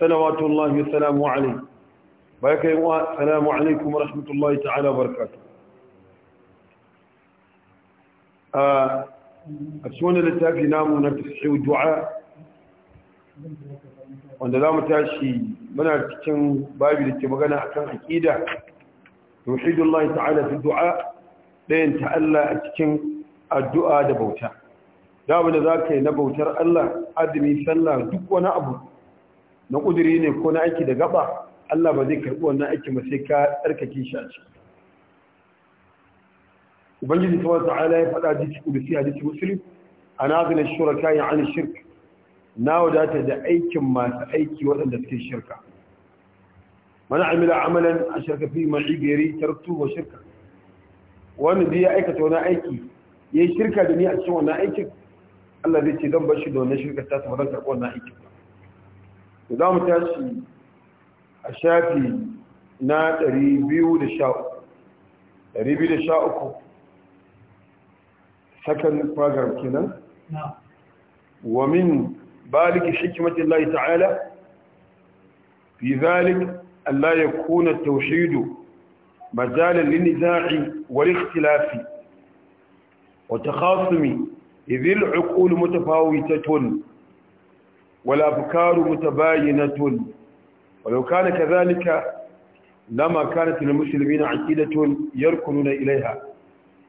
صلوات الله وسلامه wa بارك الله السلام عليكم ورحمة A تعالى وبركاته أسوان الاتاك لنامو نتسحي du'a. wanda za mu tashi muna cikin babu da ke magana a kan aƙida tauhidullahi ta'ala fi du'a ɗayan ta'alla a cikin addu'a da bauta da abu da za ka yi na bautar Allah adami sallah duk wani abu na kuduri ne ko na aiki da gaba Allah ba zai karɓi wannan aikin ba sai ka tsarkake shi a ciki ubangiji ta wata ala ya faɗa jiki kudusi a jiki musulun a nazinar shuraka yin an shirk na wadata da aikin masu aiki waɗanda suke shirka mana amila amalan a shirka fi mai gari tartu wa shirka wani zai aikata wani aiki ya yi shirka da ni a cikin wannan aikin Allah zai ce zan bar shi da wannan shirka ta samu don karɓi wannan aikin za mu tashi a shafi na 213 second paragraph kenan wa min baliki hikmatin Allah ta'ala fi zalik Allah ya kuna taushidu majalan liniza'i wal ikhtilafi wa takhasumi idh al-uqul mutafawitatun والأفكار متباينة ولو كان كذلك لما كانت للمسلمين عقيدة يركنون إليها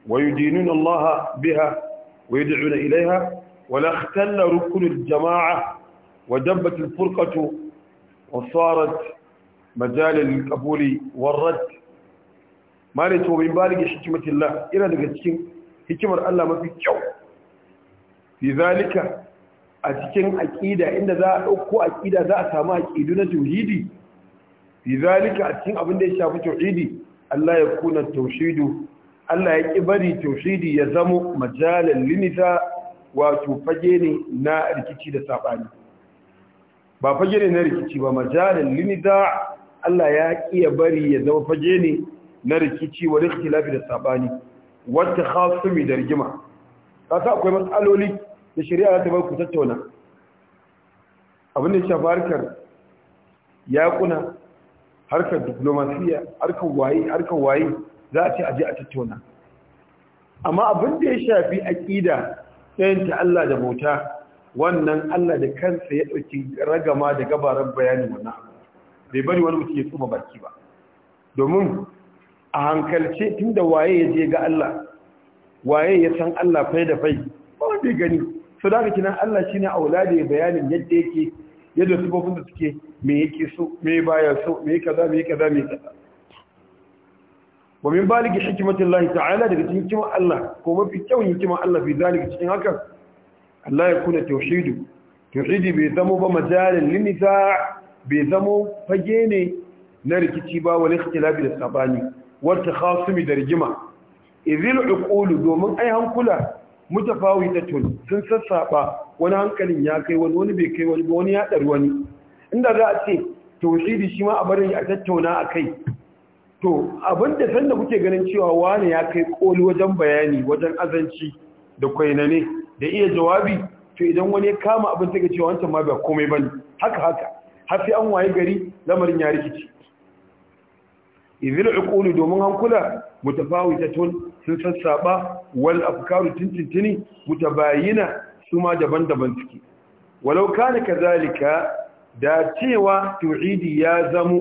ويدينون الله بها ويدعون إليها ولا اختل ركن الجماعة ودبت الفرقة وصارت مجال للقبول والرد ما لتو من بالك حكمة الله إلى ذلك حكمة الله ما في في ذلك a cikin aƙida inda za a ɗauko aƙida za a samu aƙidu na tauhidi fi zalika a cikin abin da ya shafi tauhidi Allah ya kuna tauhidu Allah ya ƙi bari taushidi ya zamo majalan limita wato fage ne na rikici da saɓani ba fage ne na rikici ba majalan limita Allah ya ƙi ya bari ya zama fage ne na rikici wa rikici da saɓani wata khasumi da rigima sa akwai matsaloli da shari'a ta bar ku tattauna abin da shafi harkar yakuna harkar diplomasiya harkar waye harkar waye za a ce aje a tattauna amma abin da ya shafi aqida tsayin Allah da bauta wannan Allah da kansa ya dauki ragama da gabaran bayanin wannan bai bari wani mutum ya tsuma baki ba domin a hankalce tunda waye ya je ga Allah waye ya san Allah fai da fai ba wanda ya gani so da kina Allah shine aulade da bayanin yadda yake yadda sifofin da suke me yake so me baya so me kaza me kaza me kaza wa min baliki hikmatin Allah ta'ala daga cikin hikimar Allah ko mafi kyau hikimar Allah fi zalika cikin hakan Allah ya kula tauhidu tauhidi bai zamo ba majalin limita bai zamo fage ne na rikici ba wani ikhtilafi da sabani wata khasumi da rigima izil uqulu domin ai hankula tun sun sassaba wani hankalin ya kai wani wani bai kai wani wani ya wani inda za a ce tauhidi shi ma a barin ya tattauna a kai to abinda san da kuke ganin cewa wani ya kai koli wajen bayani wajen azanci da ne da iya jawabi to idan wani ya kama abin take cewa wancan ma ba komai bane haka haka har sai an waye gari lamarin ya rikici idil uqulu domin hankula mutafawitatun sun sassaɓa wal afkaru tintintini mutabayina su ma daban-daban suke walau kana kazalika da cewa tu'idi ya zamo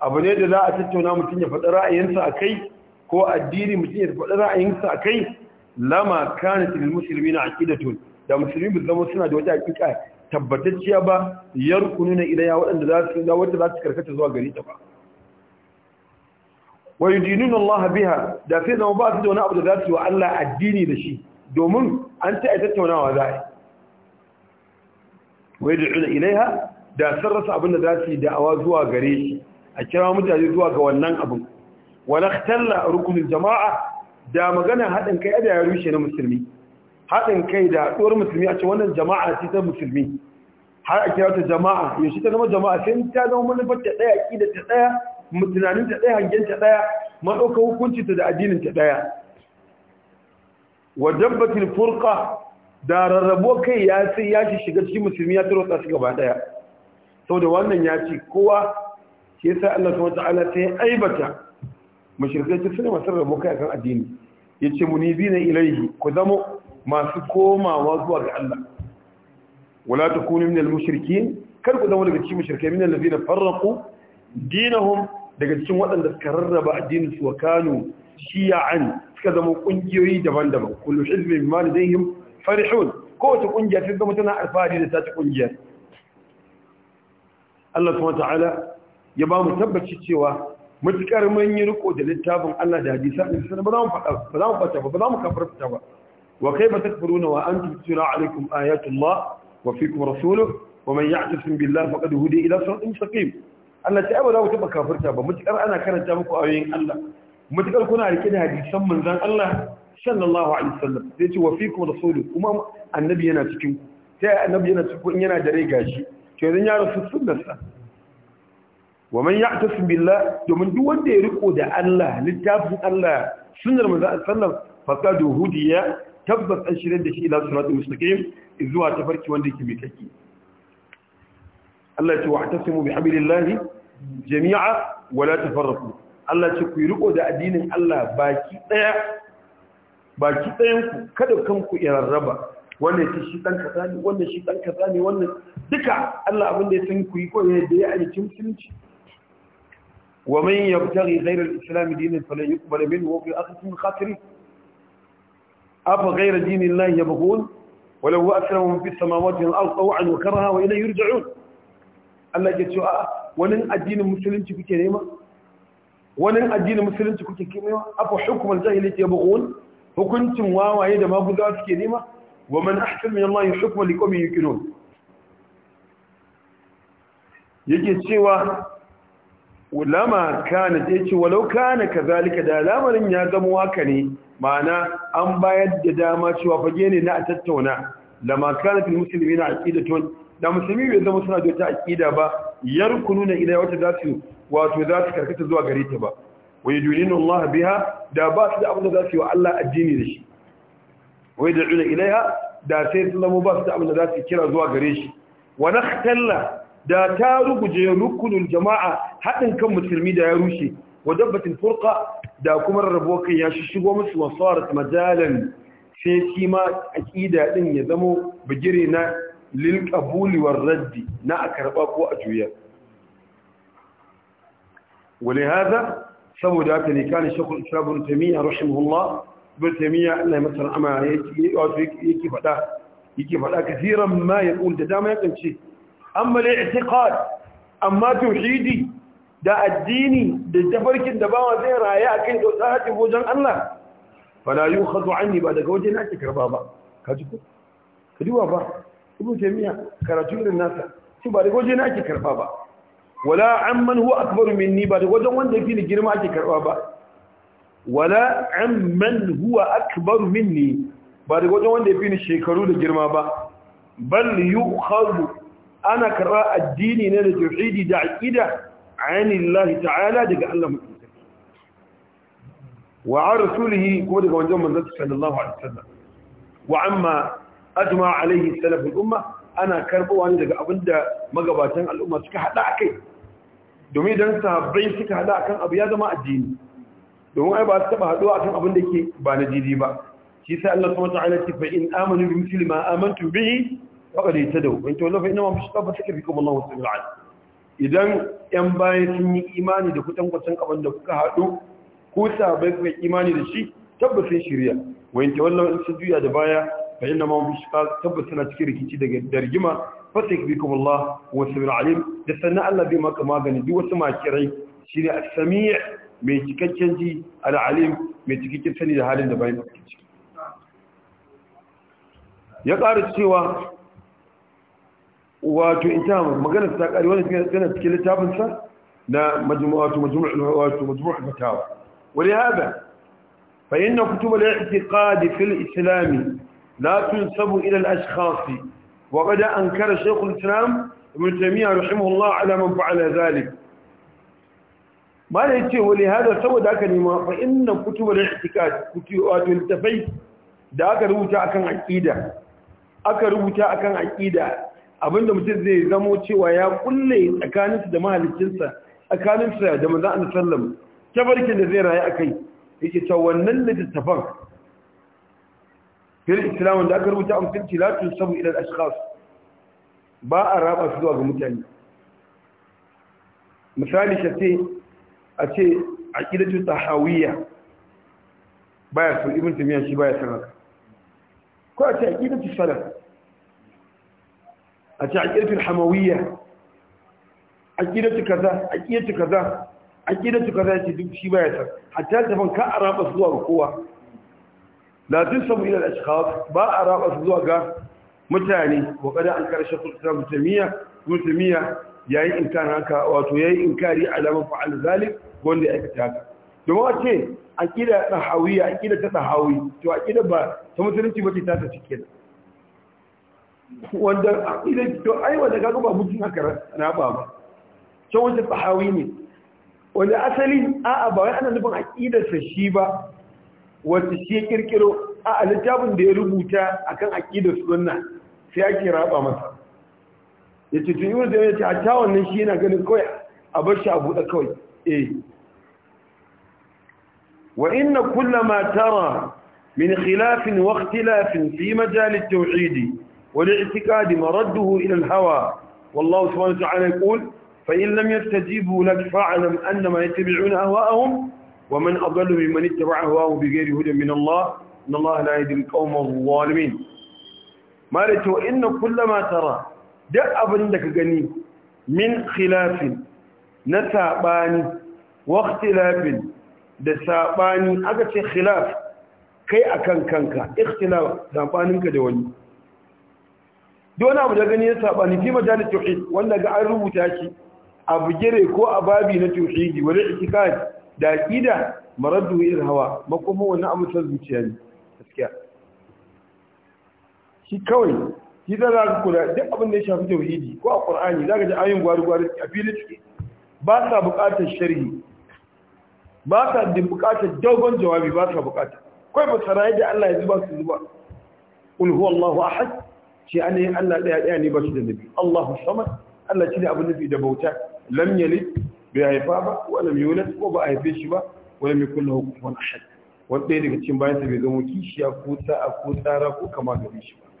abu ne da za a tattauna mutum ya faɗi ra'ayinsa a kai ko addini mutum ya faɗi ra'ayinsa a kai lama kana tilil musulmi na aƙidatun da musulmi bu zama suna da wata aƙiƙa tabbatacciya ba yarkununa ilaya waɗanda za su karkata zuwa gari ta ba wa yudinuna Allah biha da sai zama ba su da wani abu da za su yi wa Allah addini da shi domin an ta tattaunawa za a yi da yud'una ilaiha da sun rasa abin da za su yi da'awa zuwa gare shi a kira mutane zuwa ga wannan abin wa nakhtalla rukunin jama'a da magana haɗin kai da ya rushe na musulmi haɗin kai da haɗuwar musulmi a ce wannan jama'a ce ta musulmi har a kira ta jama'a yaushe ta zama jama'a sai ta zama manufar ta ɗaya ƙi da ta ɗaya tunanin ta ɗaya hangenta ɗaya maɗauka hukuncinta da addinin ɗaya wa dabbatin furka, da rarrabo kai ya sai ya ci shiga cikin musulmi ya tarwata su gaba ɗaya Sau da wannan ya ci kowa shi yasa Allah subhanahu wataala yi aibata mushrikai ta suna masu rarrabo kai kan addini yace munibina ilaihi ku zama masu komawa zuwa ga Allah wala takunu minal mushrikin kar ku zama daga cikin mushrikai minal ladina farraqu dinahum daga cikin waɗanda suka rarraba addinin su wa kanu shiya'an suka zama kungiyoyi daban-daban kullu hizbin bima ladayhim farihun kowace kungiya ta zama tana alfahari da ta ci kungiya Allah subhanahu ta'ala ya ba mu tabbaci cewa mutukar manyan riko da littafin Allah da hadisi ne ba za mu faɗa ba za mu fata ba ba za mu kafarta ba wa kayfa takfuruna wa antum tusra alaikum ayatullah wa fiikum rasuluhu ومن يعتصم بالله فقد هدي الى صراط مستقيم Allah ta ba za ku taɓa kafirta ba mutukar ana karanta muku ayoyin Allah mutukar kuna rike da hadisan manzon Allah sallallahu alaihi wasallam sai ce wa fikum rasulun kuma annabi yana cikin ku sai annabi yana cikin yana da rai gashi to yanzu ya rasu sunnarsa wa man ya'tasim billah domin duk wanda ya riko da Allah littafin Allah sunnar manzon sallallahu faqad hudiya tabbas an shirye da shi ila siratul mustaqim zuwa tafarki wanda yake mai kake Allah ce wa'tasimu bihablillahi jami'a wala tafarraqu Allah ce ku riko da addinin Allah baki daya baki dayan ku kada kanku ya rarraba wannan ce shi dan kaza ne wannan shi dan kaza ne wannan duka Allah abin da ya san ku yi ko ya da ya aiki musulunci wa man yabtaghi ghayra al-islam dinan falan yuqbal minhu wa fi akhirati min khatirin afa ghayra dinillahi yabghun ولو أسلمهم في السماوات والأرض طوعا وكرها وإليه يرجعون Allah ke cewa wani addinin musulunci kuke nema wani addinin musulunci kuke kimewa afa hukumar jahiliyya yabghun hukuncin wawaye da maguza suke nema wa man ahsan min Allah hukman liqawmin yuqinun yake cewa lama kana sai ce walau kana kazalika da lamarin ya zama haka ne ma'ana an bayar da dama cewa fage ne na tattauna lama kana fil muslimina aqidatun da musulmi bai zama suna da a ƙida ba yarkununa ila wata za su wato za su karkata zuwa gare ta ba wai duninu Allah biha da ba su da abin da za su yi wa Allah addini da shi wai da ila ilaiha da sai su zama ba su da abin da za su kira zuwa gare shi wa nakhtalla da ta ruguje rukunin jama'a haɗin kan musulmi da ya rushe wa dabbatin furqa da kuma rarrabuwa kai ya shigo musu wasarat majalan sai shi ma aqida din ya zama bigire na lil qabuli war raddi na a karba ko a juya wale haza saboda haka ne kana shekul islam ibn tamiya rahimahullah ibn tamiya Allah ya masa rahama yake wato yake fada yake fada kafiran ma ya kun da dama ya kance amma al-i'tiqad amma tauhidi da addini da tafarkin da bawa zai raya a kai dausa haƙi wajen Allah fala yukhadu anni ba daga waje na ake karɓa ba kaji ko kadiwa ba ibn taymiya karatu irin nasa shi ba da waje na ake karba ba wala amman huwa akbaru minni ba da wajen wanda yake ni girma ake karba ba wala amman huwa akbaru minni ba daga wajen wanda yake ni shekaru da girma ba bal yu'khadhu ana karba addini ne da tauhidi da aqida anillahi ta'ala daga Allah mutum wa rasulihi kuma daga wajen manzon sallallahu alaihi wasallam wa amma ajma alaihi salafin umma ana karbowa ne daga abinda magabatan al'umma suka hada akai domin idan sahabbai suka hada akan abu ya zama addini domin ai ba su taba haduwa akan abin da ke ba na jiji ba shi sai Allah subhanahu wataala ce fa in amanu bi mithli ma amantum bihi faqad ihtadaw wa in tawallaw fa inna ma mushtafa takfikum Allahu samiul alim idan yan bayan sun yi imani da kutan kwatan abin da kuka hadu ko sahabbai kuka imani da shi tabbacin shari'a wa in tawallaw in sun juya da baya فإنما مبيش قال سنة تكيري كتيدي درجمة فتك بكم الله هو العليم دستنا ألا بما كما قال دي وسمع الشرعي سيني السميع من تكتشن دي العليم من تكتشن سني لهالين دبين يقار السيوة واتو انتهام ما قالت تاكالي وانا كانت كلا تابنسا نا مجموعات ومجموع الهوات ومجموع المتاوى ولهذا فإن كتب الاعتقاد في الإسلام لا تنسب إلى الأشخاص وقد أنكر شيخ الإسلام ابن تيمية رحمه الله على من فعل ذلك ما ليتي ولهذا سوى ذاك نما فإن كتب الاعتقاد كتب التفي ذاك ربوتا أكن عقيدة aka rubuta akan aƙida abinda mutum zai zamo cewa ya ƙulle tsakaninsa da mahalicinsa tsakaninsa da manzo Allah sallam tabarkin da zai rayu akai yake wannan littattafan. fil islam da aka rubuta a musulunci la tunsabu ila al-ashkhas ba a raba su zuwa ga mutane misali shace a ce aqidatu tahawiyya baya sun ibn tumiya shi baya sanar ko a ce aqidatu salaf a ce aqidatu hamawiyya aqidatu kaza aqidatu kaza aqidatu kaza ce duk shi baya sanar hatta taban ka araba zuwa ga kowa la tusabu ila al-ashkhas ba a raba su zuwa ga mutane wa kada an karshe kullu tamiya mutamiya yayi inkar haka wato yayi inkari alama fa'al zalik gonda ya aikata haka domin a ce aqida tahawiyya aqida ta tahawi to aqida ba ta musulunci bace ta ta cikin wanda aqida to ai wanda kaga ba mutun haka na ba ba can wanda tahawi ne wanda asali a'a ba wai ana nufin aqidar sa shi ba wasu shi ya kirkiro a littafin da ya rubuta akan aqidar sunna sai ake raba masa yace tun yau da yace a ta wannan shi yana ganin kawai a bar shi a buɗe kawai eh wa inna kullama tara min khilafin wa ikhtilafin fi majal at-tauhid wal i'tiqad maradduhu ila al-hawa wallahu subhanahu wa ta'ala yaqul fa in lam yastajibu lak fa'lam annama yattabi'una ahwa'ahum ومن أضل ممن اتبع هواه بغير هدى من الله إن الله لا يهدي القوم الظالمين ما رأيت وإن كل ما ترى دع أبنك غني من خلاف نساباني واختلاف دساباني أكت خلاف kai akan kanka ikhtilaf sabaninka da wani wani abu da gani ya sabani fi majalis tauhid wanda ga an rubuta shi a bugire ko a babi na tauhidi wani i'tiqad da aqida maraddu irin hawa makoma wani abu ta zuciya ne gaskiya shi kawai shi da za ka kula duk abin da ya shafi tauhidi ko a qur'ani za ka ji ayin gwari gwari a fili ciki ba sa buƙatar sharhi ba sa da buƙatar dogon jawabi ba sa buƙata kai ba sarai da Allah ya zuba su zuba huwa allahu ahad shi ne Allah daya daya ne ba shi da nabi Allahu samad Allah shi ne abin nufi da bauta lam yalid bai haifa ba walam yulad ko ba a haife shi ba walam yakul lahu kufuwan ahad wanda daga cikin bayan sa bai zama kishiya ko ta ko tsara ko kama gare shi ba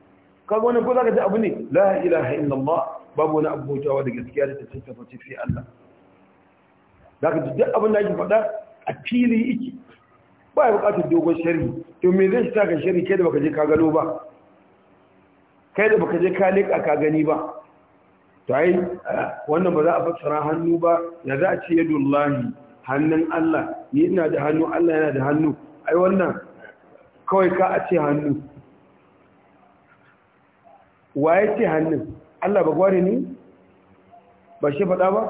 kaga wani ko zaka ji abu ne la ilaha illallah babu wani abu bautawa da gaskiya da tantance fa sai Allah zaka ji duk abin da yake faɗa a fili yake ba ya bukatar dogon sharhi to me zai ta ka sharhi kai da baka je ka gano ba kai da baka je ka leka ka gani ba sai wannan ba za a fassara hannu ba ya za a ce yadullahi hannun Allah ni ina da hannu Allah yana da hannu ai wannan kawai ka a ce hannu Wa ya ce hannun Allah ba gware ne ba shi faɗa ba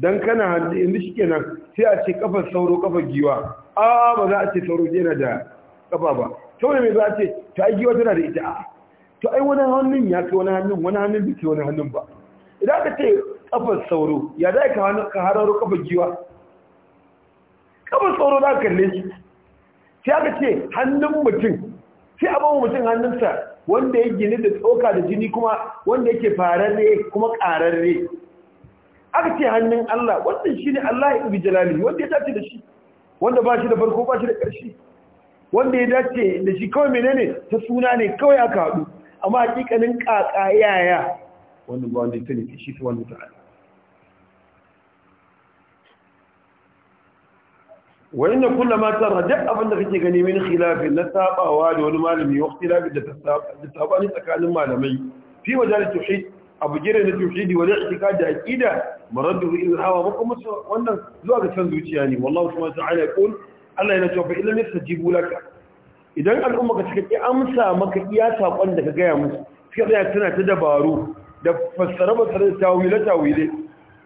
don kana hannu inda shi kenan sai a ce kafar sauro kafar giwa a ba za a ce sauro yana da kafa ba sauro mai za a ce ta giwa tana da ita a to ai wani hannun ya ke wani hannun wani hannun bai ke wani hannun ba idan ka ce kafar sauro ya za ka hararo kafar giwa kafar sauro za ka kalle shi sai aka ce hannun mutum sai a bawa mutum hannunsa wanda ya gini da tsoka da jini kuma wanda yake fararre kuma kararre aka ce hannun Allah wannan shi ne Allah ya ibi jalali wanda ya dace da shi wanda ba shi da farko ba shi da ƙarshe wanda ya dace da shi kawai menene ta suna ne kawai aka haɗu amma hakikanin kaka yaya wani ba wanda ya ne shi ta wani ta'ala wa inna kulla ma tara duk abinda kake gani mini khilafin na sabawa da wani malami wa khilafin da sabani tsakanin malamai fi wajen tauhid abu gire na da wani itika da aqida maraddu ila hawa maka musu wannan zuwa ga can zuciya ne wallahi subhanahu wa ta'ala yaqul Allah yana cewa fa illam yastajibu laka idan al'umma ka suka amsa maka iya saƙon da ka gaya musu suka tsaya tana ta dabaru da fassara fassara da tawile tawile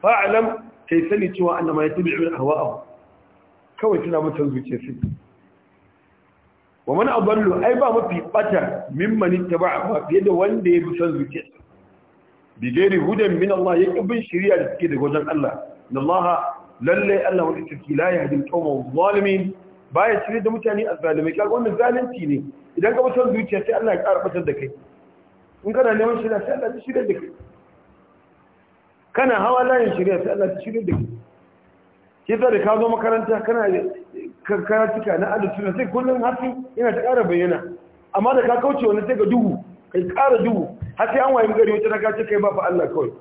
fa'alam kai sani cewa annama ya tabi ibn hawa'ahu kawai suna mutan zuciya su wa man adallu ai ba mafi bata mimman ta ba fiye da wanda ya bi san zuciya bi gairi hudan min Allah ya kibin shari'a da suke daga wajen Allah Na Allah lallai Allah wani tafi la ya hadin qawma adh baya cire da mutane a zalimai kaga wannan zalunci ne idan ka mutum zuciya sai Allah ya ƙara fasar da kai in kana neman shirya sai Allah ya shirya da kai kana hawa layin shirya sai Allah ya shirya da kai ke da ka zo makaranta kana tuka na alisunan sai kullum hafi yana ta ƙara bayyana amma da ka kauce wani sai ga duhu kai ƙara duhu har sai an waye gari wata na ce kai ba fa Allah kawai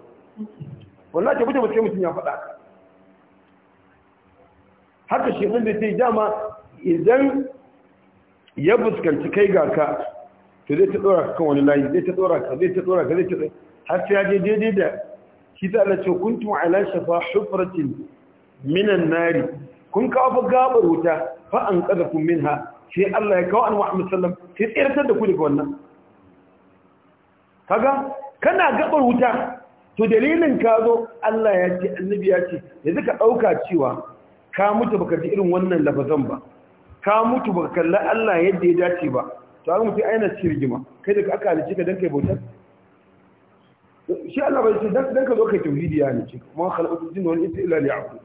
wallahi ta bude mutum ya faɗa haka shi ɗin da sai dama idan ya fuskanci kai ga ka to zai ta dora kan wani layi zai ta dora ka zai ta dora ka zai ta har sai ya je daidai da shi ta ala ce kuntum ala shafa hufratin minan nari kun kawo fa gabar wuta fa an kada kun minha sai Allah ya kawo annabi Muhammad sallam sai tsirtar da ku daga wannan kaga kana gabar wuta to dalilin ka zo Allah ya ce annabi ya ce yanzu ka dauka cewa ka mutu baka ji irin wannan lafazan ba ka mutu baka kalla Allah yadda ya dace ba to an mutu aina cirgima kai da aka halice ka dan kai bautar shi Allah bai ce dan ka zo kai tauhidi ya ne ce ma khalaqatul jinna wal insa illa liya'budu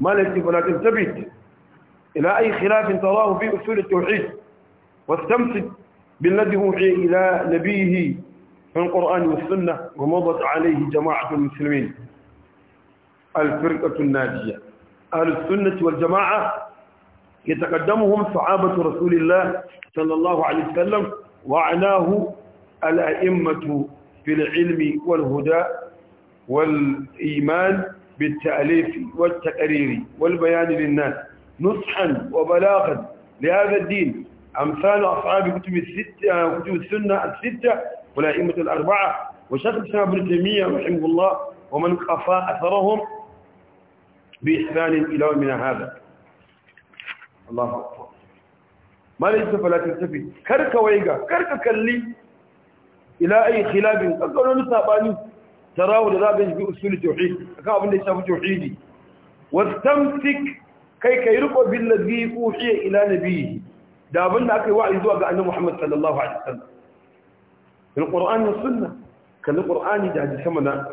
مالك فلا تنتبه إلى أي خلاف تراه في أصول التوحيد واستمسك بالذي أوحي إلى نبيه في القرآن والسنة ومضت عليه جماعة المسلمين الفرقة الناجية أهل السنة والجماعة يتقدمهم صحابة رسول الله صلى الله عليه وسلم وعناه الأئمة في العلم والهدى والإيمان بالتأليف والتقرير والبيان للناس نصحا وبلاغا لهذا الدين أمثال أصحاب كتب, الستة كتب السنة الستة والأئمة الأربعة وشيخ ابن تيمية رحمه الله ومن قفى أثرهم بإحسان إلى من هذا الله أكبر ما ليس فلا تلتفت كرك ويقى كرك كلي إلى أي خلاف أقول نساباني تراه لذابين في أسول التوحيد أكاب اللي شاف توحيدي واستمسك كي كيرقوا بالذي أوحي إلى نبيه دابلنا أكي وعي زوء أن محمد صلى الله عليه وسلم القرآن والسنة كالقرآن جاء جسمنا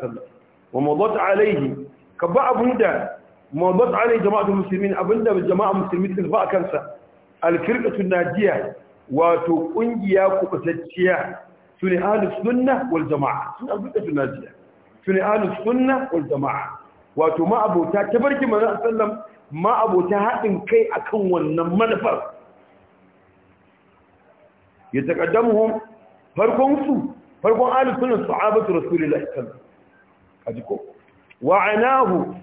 ومضت عليه كبعض هدى mawdat alai jama'atul muslimin abinda jama'a musulmi suka ba kansa al-firqatu najiya wato kungiya kubutacciya sune ahlus sunna wal jama'a sune al-firqatu najiya sune ahlus sunna wal jama'a wato ma abota tabarki manzo sallam ma abota hadin kai akan wannan manufar ya taqaddamuhum farkon su farkon ahlus sunna sahabatu rasulillahi sallallahu alaihi wasallam kaji ko wa'anahu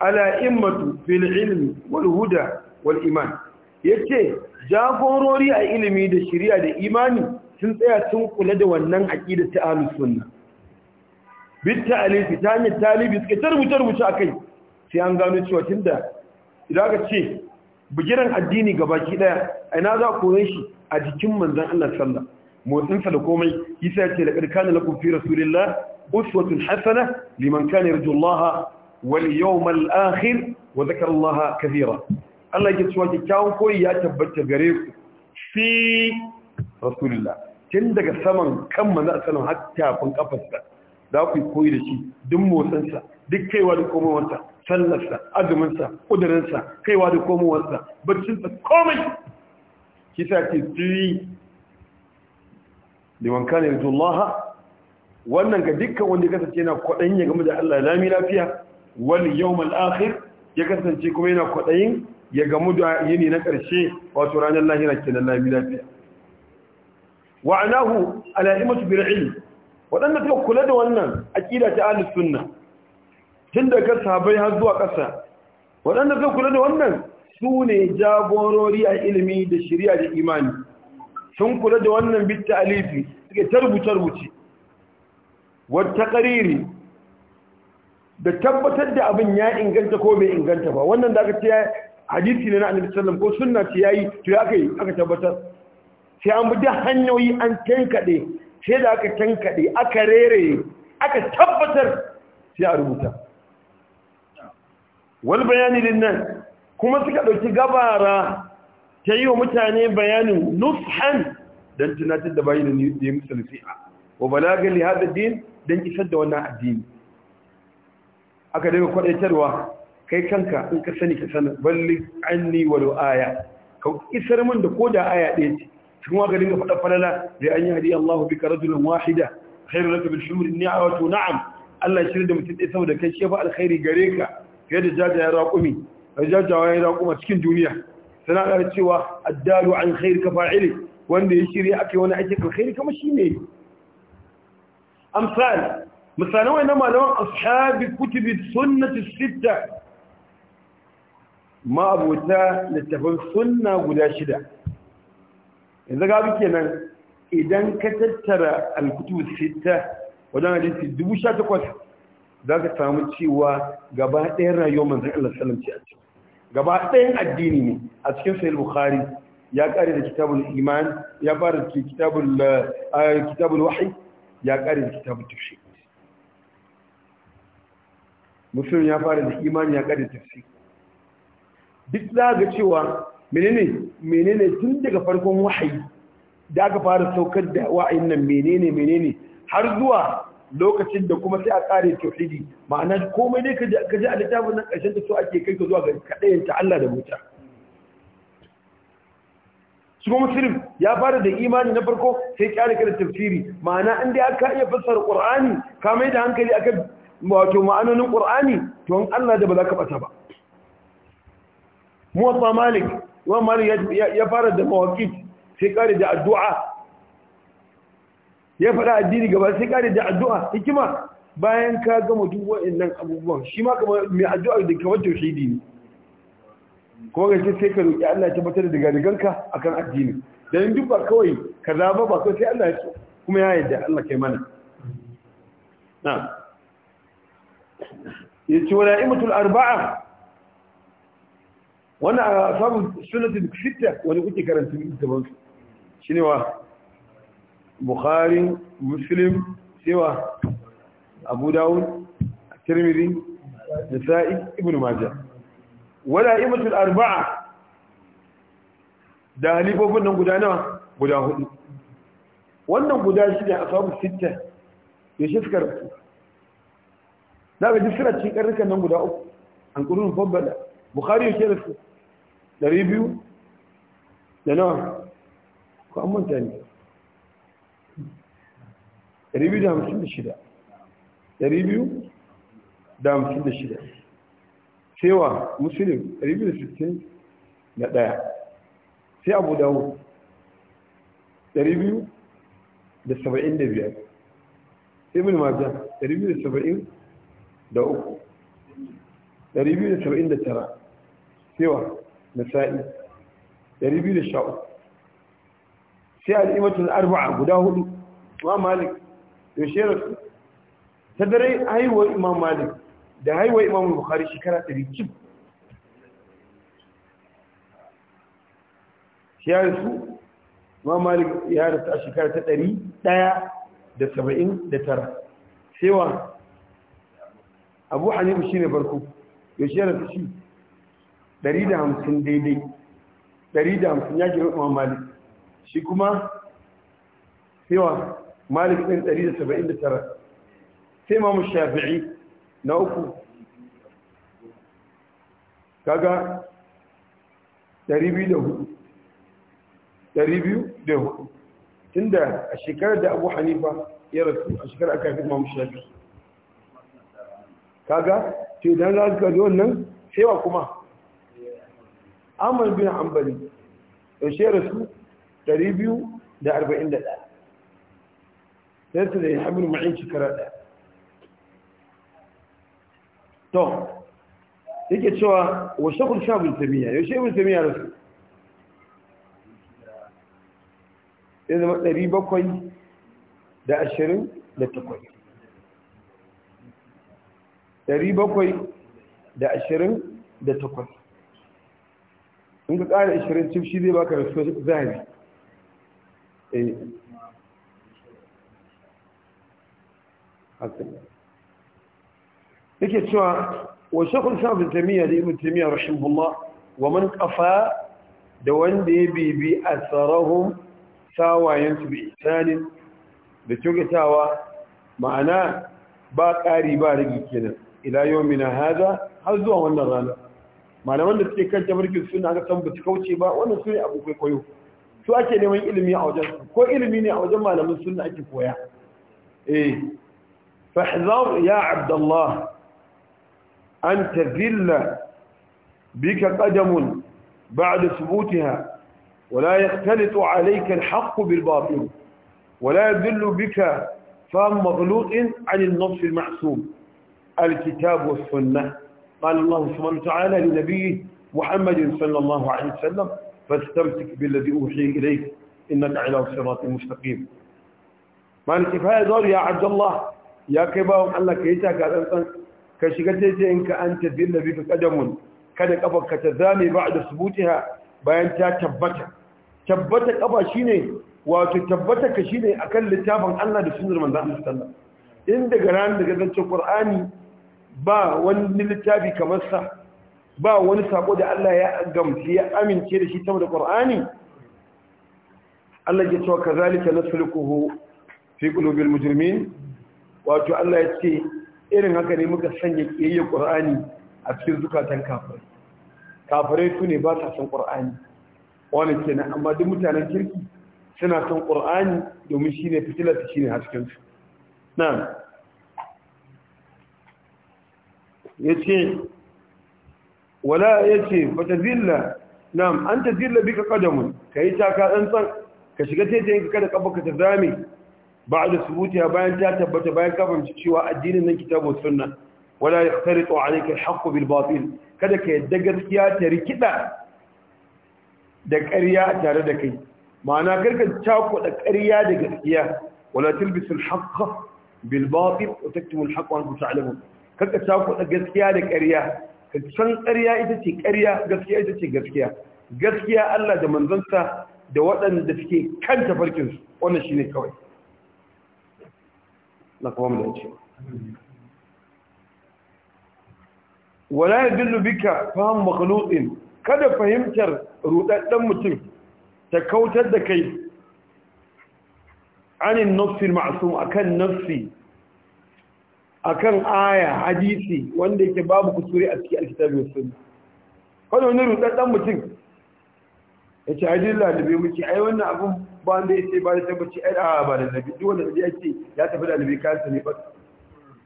ala'immatu fil ilmi wal huda wal iman yace jagorori a ilimi da shari'a da imani sun tsaya sun kula da wannan aqida ta ahlus sunna bit ta'alifi ta ne talibi suka tarbuta rubuta akai sai an gano cewa tunda idan ka ce bugiran addini gabaki daya ina za ku koyon shi a jikin manzon Allah sallallahu motsinsa da komai yasa yace la qad kana lakum fi rasulillah uswatun hasana liman kana yarjullaha wal yawmal akhir wa dhakarallaha kathira Allah ya cewa kikkiawan koyi ya tabbata gare ku fi rasulullah tun daga saman kan manzo sallallahu har tafin kafarsa za ku koyi da shi duk motsinsa duk kaiwa da komowarsa sallarsa azuminsa kudurinsa kaiwa da komowarsa barcinsa komai kisa ce fi liman kana yarjullaha wannan ga dukkan wanda ya kasance yana kwaɗan ya game da Allah lami lafiya wani yawmal akhir ya kasance kuma yana kwaɗayin ya gamu da yini na ƙarshe wato ranar lahira kenan lami lafiya wa'anahu ala'imatu bir'il waɗanda suka kula da wannan aƙida ta ahlus sunna tun daga sahabbai har zuwa ƙasa waɗanda suka kula da wannan su ne jagorori a ilimi da shari'a da imani sun kula da wannan bitta alifi suke tarbuce-tarbuce wata ƙariri da tabbatar da abin ya inganta ko bai inganta ba wannan da aka ce hadisi ne na annabi sallam ko sunna ce yayi to ya kai aka tabbatar sai an bi hanyoyi an tankade sai da aka tankade aka rere aka tabbatar sai a rubuta wal bayani din nan kuma suka dauki gabara ta yi wa mutane bayanin nushan dan tunatar da bayi da musulmi wa balagan li hada din dan isar da wannan addini aka daga kwadatarwa kai kanka in ka sani ka sani balli ni walau aya ka isar min da koda aya ɗaya ce cikin waka dinga faɗa falala da an yi hadi Allahu bi karajulan wahida khairu laka bil a ni'awatu na'am Allah ya da mutum ɗaya saboda kai shefa alkhairi gare ka fiye da jajayen raƙumi jajayen raƙuma cikin duniya sana ƙara cewa addalu an khairi ka fa'ili wanda ya shirya aka wani aikin alkhairi kama shi ne amsal misalan wai na malaman ashabi kutubi sunnati sita ma abota littafin sunna guda shida yanzu gabi kenan idan ka tattara alkutubu sita wajen hadisi dubu za ka samu cewa gaba ɗayan rayuwar manzan Allah salam ce a cikin gaba ɗayan addini ne a cikin sayil bukhari ya ƙare da kitabul iman ya fara kitabul eh, wahi ya ƙare da kitabul tushe Musulun ya fara da imani ya kada tafsir duk za ga cewa menene menene tun daga farkon wahayi da aka fara saukar da wa'ayin nan menene menene har zuwa lokacin da kuma sai a kare tauhidi ma'ana komai dai ka ji a littafin nan ƙarshen da so ake kai ka zuwa ga kaɗayin ta Allah da mutu shi kuma muslim ya fara da imani na farko sai ya ka da tafsiri ma'ana inda ya ka iya fassara qur'ani ka mai da hankali akan wato ma'anonin ƙur'ani to an Allah da ba za ka ɓata ba muwatsa malik wa malik ya fara da mawaƙi sai kare da addu'a ya faɗa addini gaba sai kare da addu'a hikima bayan ka gama duk waɗannan abubuwan shi ma kamar mai addu'a da kamar tauhidi dini. kuma ga sai ka roƙi Allah ya tabbatar da gariganka akan addini dan duk ba kawai kaza ba ba sai Allah ya so kuma ya yarda Allah kai mana na'am yace wala imatul arba'a wannan a sabu sunnatul sitta wani kuke karanta gaban su shine wa bukhari muslim sewa abu dawud tirmidhi nasa'i ibnu majah wala imatul arba'a da halifofin nan guda nawa guda hudu wannan guda shi ne a samun sitta ya shi suka rufu za ka ji suna cikin karnukan nan guda uku an kurunin babbala bukari yake da su ɗari biyu da nawa ko an manta ne ɗari biyu da hamsin da shida ɗari biyu da hamsin da shida cewa musulun ɗari biyu da sittin da ɗaya sai abu dawo ɗari biyu da saba'in da biyar ibn majah ɗari biyu da saba'in da uku ɗari biyu da saba'in da tara cewa na sa'i ɗari biyu da sha uku sai al'imatun arba'a guda hudu ma malik yaushe rasu ta dare haihuwar imam malik da haihuwar imam bukari shekara ɗari cif ya rasu ma malik ya rasu a shekara ta ɗari ɗaya da saba'in da tara cewa abu hanifu shi ne barko shi yana rasu shi 150 daidai 150 ya girma kuma malik shi kuma sewa malik ɗin 179 sai mamu shafi'i na uku kaga 204 204 tunda a shekarar da abu hanifa ya rasu a shekarar aka fi mamu kaga ce dan za ji wannan sai kuma amal bin ya yaushe rasu 241 sai su da ya hamil ma'in shekara ɗaya to yake cewa wa shakul sha bin tamiya yaushe bin tamiya rasu ya zama 728 728 in ka ƙara 20 cif shi zai baka rasuwar zahiri eh haka yake cewa wa shakul shafin tamiya da ibn tamiya rahimahullah wa man kafa da wanda ya bibi a tsarahun sawayensu bi isanin da kyautatawa ma'ana ba ƙari ba rigi kenan ila yawmina hada har zuwa wannan rana malaman da suke kan tabarkin suna ga san basu kauce ba wannan sune abu kai koyo su ake neman ilimi a wajen ko ilimi ne a wajen malamin sunna ake koya eh fahzar ya abdullah an tazilla bika qadamun ba'da thubutiha ولا يختلط عليك الحق بالباطل ولا يدل بك فهم مغلوط عن النص المحسوب الكتاب والسنة قال الله سبحانه وتعالى لنبيه محمد صلى الله عليه وسلم فاستمسك بالذي أوحي إليك إنك على صراط مستقيم ما نتفايا دور يا عبد الله يا كباهم الله كيتا كأنسان كشكتت إنك أنت ذي بك قدم كان أبو كتذاني بعد ثبوتها بأن تثبت ثبت أبا شيني وتثبت كشيني أكل تابا الله لسنر من ذا مستنى إن دقران دقران القرآن ba wani littafi kamar sa ba wani sako da Allah ya gamsu ya amince da shi ta da Qur'ani Allah ya ce na kazalika nasluquhu fi qulubil mujrimin wato Allah ya ce irin haka ne muka sanya kiyaye Qur'ani a cikin zukatan kafirai kafirai su ne ba sa san Qur'ani wani kenan amma duk mutanen kirki suna san Qur'ani domin shine fitilar su shine hasken su yace wala yace fatazilla na'am an tazilla bika qadamun kai taka tsantsan ka shiga taitayin ka kada kafa ta zame ba'da subutiya bayan ta tabbata bayan ka fahimci cewa addinin nan kitabu sunna wala yaqtaritu alayka al-haqq bil batil kada ka yadda gaskiya ta rikida da ƙarya tare da kai ma'ana karka da ƙarya da gaskiya wala tilbisul haqq bil batil wa taktumul haqq ta antum kaka cakuɗa gaskiya da ƙarya ka san ƙarya ita ce ƙarya gaskiya ita ce gaskiya gaskiya Allah da manzansa da waɗanda suke kan tafarkinsu wannan shi ne kawai na kuma mu dace wala ya bika fahim makhluqin kada fahimtar rudaddan mutum ta kautar da kai anin nafsi ma'sum akan nafsi akan aya hadisi wanda yake babu kusuri a cikin alkitabi sunna kada wani rudaddan mutum ya ce da lalibe muke ai wannan abun ba wanda ya ce ba da tabbaci ai a ba da lalibe duk wanda ya yace ya tafi lalibe kayan sa ne ba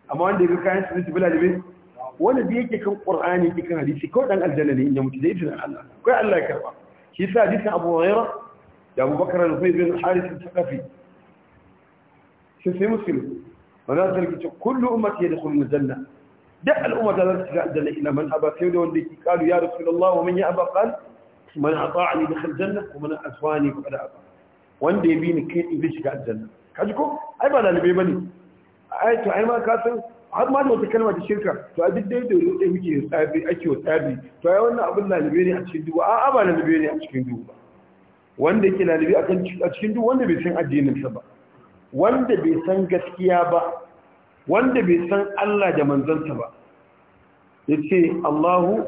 amma wanda ya ga kayan sa tafi lalibe wanda bi yake kan qur'ani ki kan hadisi ko dan aljanna ne inda mutum zai fi Allah ko Allah ya karba shi yasa hadisin Abu Hurairah da Abu Bakar bin Harith al-Thaqafi sai sai muslim wannan sarki ce kullu ummati yadkhulul janna duk al'umma da za su shiga aljanna ina man aba sai da wanda ke kalu ya rasulullah wa man ya aba qal man ata'ani dakhal janna wa man aswani faqad aba wanda ya bi ni kai in shiga aljanna kaji ko ai ba lalibe bane ai to ai ma ka san har ma da wata kalma da shirka to a duk dai da ruɗe muke tsabi ake wa tsabi to ai wannan abin lalibe ne a cikin duhu a'a ba lalibe ne a cikin duhu ba wanda yake lalibe a cikin duhu wanda bai san addinin sa ba wanda bai san gaskiya ba wanda bai san Allah da manzanta ba ya ce Allahu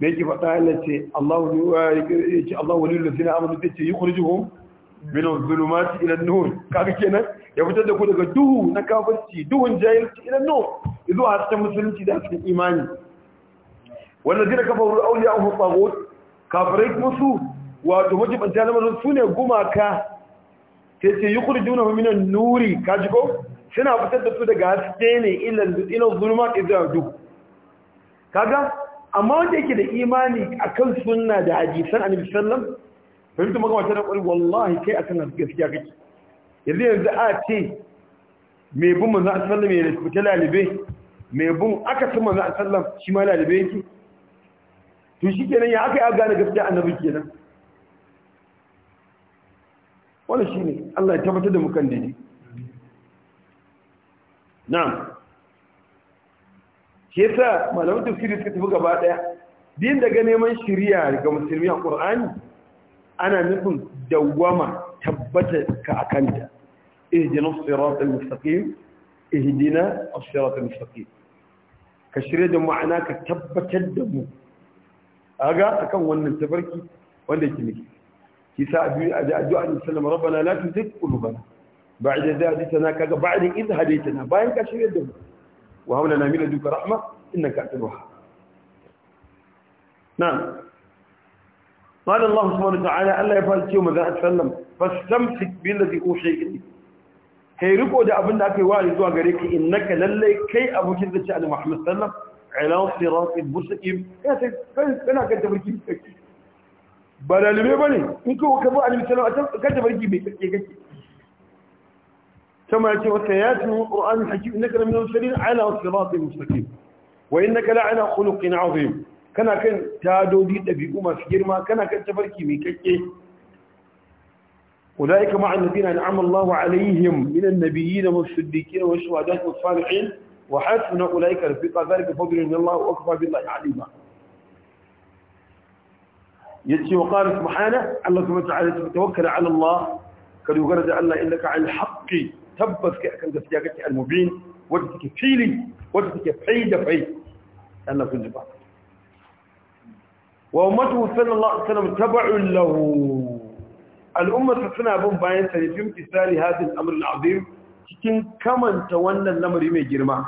bai ki faɗa Allah ce Allahu yace Allahu waliyul ladina amanu yace yukhrijuhum min adh-dhulumati ila an-nur kaga kenan ya fitar da ku daga duhu na kafirci duhun jahilci ila an-nur zuwa hasken musulunci da hasken imani kafa والذين كفروا أولياءهم الطاغوت كافرين مسو وتمجب أن تعلم su ne gumaka. sai ce yi kuri juna mamina nuri ka ji ko suna fitar da su daga haske ne ilan zulma ke zuwa duk kaga amma wanda yake da imani akan suna da hadisan annabi sallam fahimtu maka wata na kwari wallahi kai akan gaskiya kake yanzu yanzu a ce mai bin a sallam ya ta lalibai mai bin aka san a sallam shi ma lalibai yake to kenan ya aka yi a gane gaskiya annabi kenan wani shi ne Allah ya tabbatar da mukan daidai na ke sa malamin tafsiri suka tafi gaba daya din daga neman shari'a ga musulmi a ƙur'ani ana nufin dawwama tabbata ka akanta ihdina as-siratal mustaqim ihdina as-siratal mustaqim ka shirya da ma'ana ka tabbatar da mu aga akan wannan tabarki wanda yake nufi كساء بيأدعو أن يسلم ربنا لا تزد قلوبنا بعد ذاتنا كذا بعد إذ هديتنا باين كشف يدهم وهولا نامل دوك رحمة إنك أتبوها نعم قال الله سبحانه وتعالى ألا يفعل تيوم ذا أتسلم فاستمسك بالذي أوشي إلي كي ركو دا أبن أكي وعلي دوا غريك إنك للي كي أبو جزة شأن محمد سلم على صراط المسئم يا سيد فلنا كنت بجيبك ba ba ne in ka a a mai كما يأتي وسيأتي القرآن الحكيم إنك لمن المرسلين على صراط مستقيم وإنك لعلى خلق عظيم كان كان تادو دي ما في جرما كان كان تفركي ميكي أولئك مع الذين أنعم الله عليهم من النبيين والصديقين والشهداء والصالحين وحسن أولئك رفيقا ذلك فضل من الله وأكفى بالله عليما يجي وقال سبحانه الله سبحانه وتعالى توكل على الله قال يقرد على الله إنك عن الحق تبس كأكل دفجاكك المبين وجدك فيلي وجدك في دفعي أنا في الجبار وأمته صلى الله عليه وسلم تبع له الأمة سنة بهم مباين سنفهم كثال هذا الأمر العظيم كن كما تولى الأمر يمي جرمع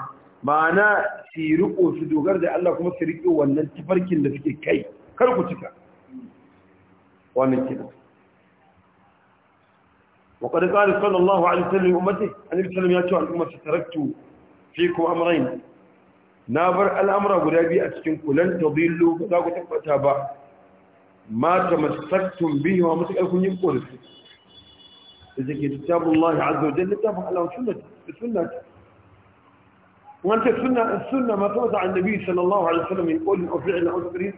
معنى سيرقوا في دوغرد الله كما سيرقوا وأن التفرق اللي فيك كي كركوا ومن كده وقد قال صلى الله عليه وسلم أمته النبي صلى الله عليه وسلم الأمة تركت فيكم أمرين نابر الأمر قرابي أتكنكم لن تضلوا فذاك تقبتها ما تمسكتم به ومسكلكم يقول إذا كتاب الله عز وجل تابع على سنة سنة وأنت السنة السنة ما توضع النبي صلى الله عليه وسلم يقول أو فعل أو ذكرين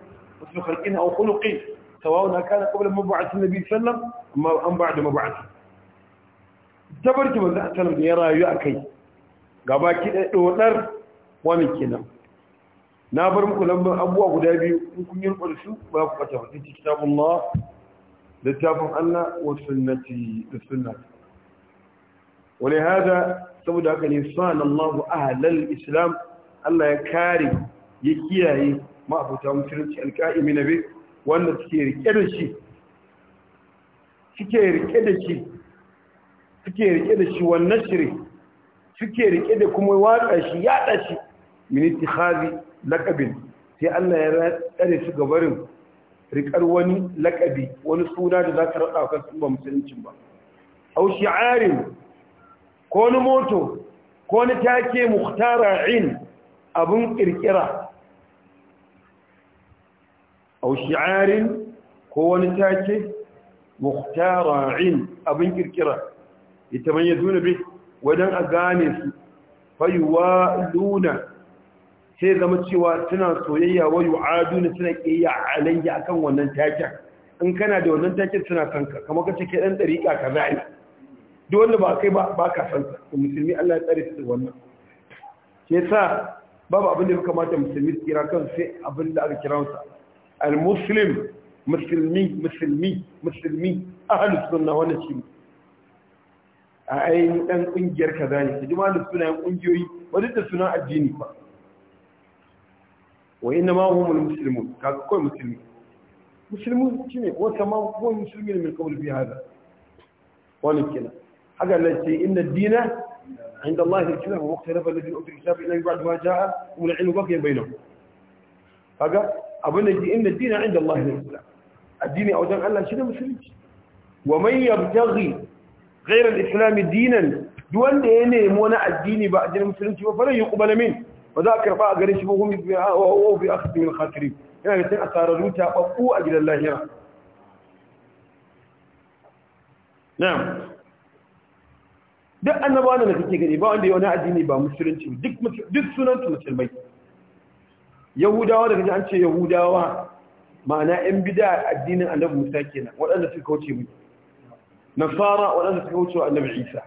أو خلقين أو خلقين سواء كان قبل مبعث النبي صلى الله عليه وسلم أم بعد مبعثه tabarki manzo a sanar da ya rayu a kai gaba ki da dodar wani kenan na bar muku lambar abubuwa guda biyu in kun yi rubutu ba ku fata wata ci littafin Allah wa sunnati da sunna wale hada saboda haka ne sanallahu ahlal islam Allah ya kare ya kiyaye ma abuta musulunci nabi wanda suke rike da shi suke rike da shi suke rike da shi wannan shiri suke rike da kuma waka shi yaɗa shi miniti hazi lakabin. sai Allah ya tsare su gabarin rikar wani laƙabi wani suna da za rada raɗa kan ba musulunci ba au shi'arin ko ni moto ko ni take muhtara'in abun kirkira aw shi'arin ko wani take muhtara'in abin ƙirƙira. ita man yazuna bi wadan a gane su fayuwa luna sai zama cewa suna soyayya wa yu'aduna suna kiyaya alayhi akan wannan taken in kana da wannan taken suna kanka kamar kace ke dan dariƙa kaza ne duk wanda ba kai ba ba ka san sa musulmi Allah ya tsare su wannan ke sa babu abin da ya kamata musulmi su kira kan sai abin da aka kira sa المسلم مسلمي مسلمي مسلمي أهل السنة ونسلم أي أن أنجر كذلك جماعة السنة أنجري وليس السنة الدين فا. وإنما هم المسلمون كأكوي مسلمي مسلمون كمي وسما هو المسلمين من قبل في هذا ونكنا هذا الذي إن الدين عند الله الإسلام واختلف الذي أدركوا الكتاب إلى بعد ما جاء ومن العلم بقي بينهم فقال abin da inda dina inda Allah ne islam addini a wajen Allah shi ne musulunci wa man yabtaghi ghayra al-islam dinan duk wanda ya nemi wani addini ba addinin musulunci ba fara yuqbal min ba za ka karba a gare shi ba hum bi wa bi akhdhi min khatiri yana da cin asararu ba babbu a gidan lahira na'am duk annabawan da kake gani ba wanda ya wani addini ba musulunci duk duk sunan musulmai yahudawa daga an ce yahudawa ma'ana yan bida addinin annabi musa kenan waɗanda suka wuce mu nasara waɗanda suka wuce wa annabi isa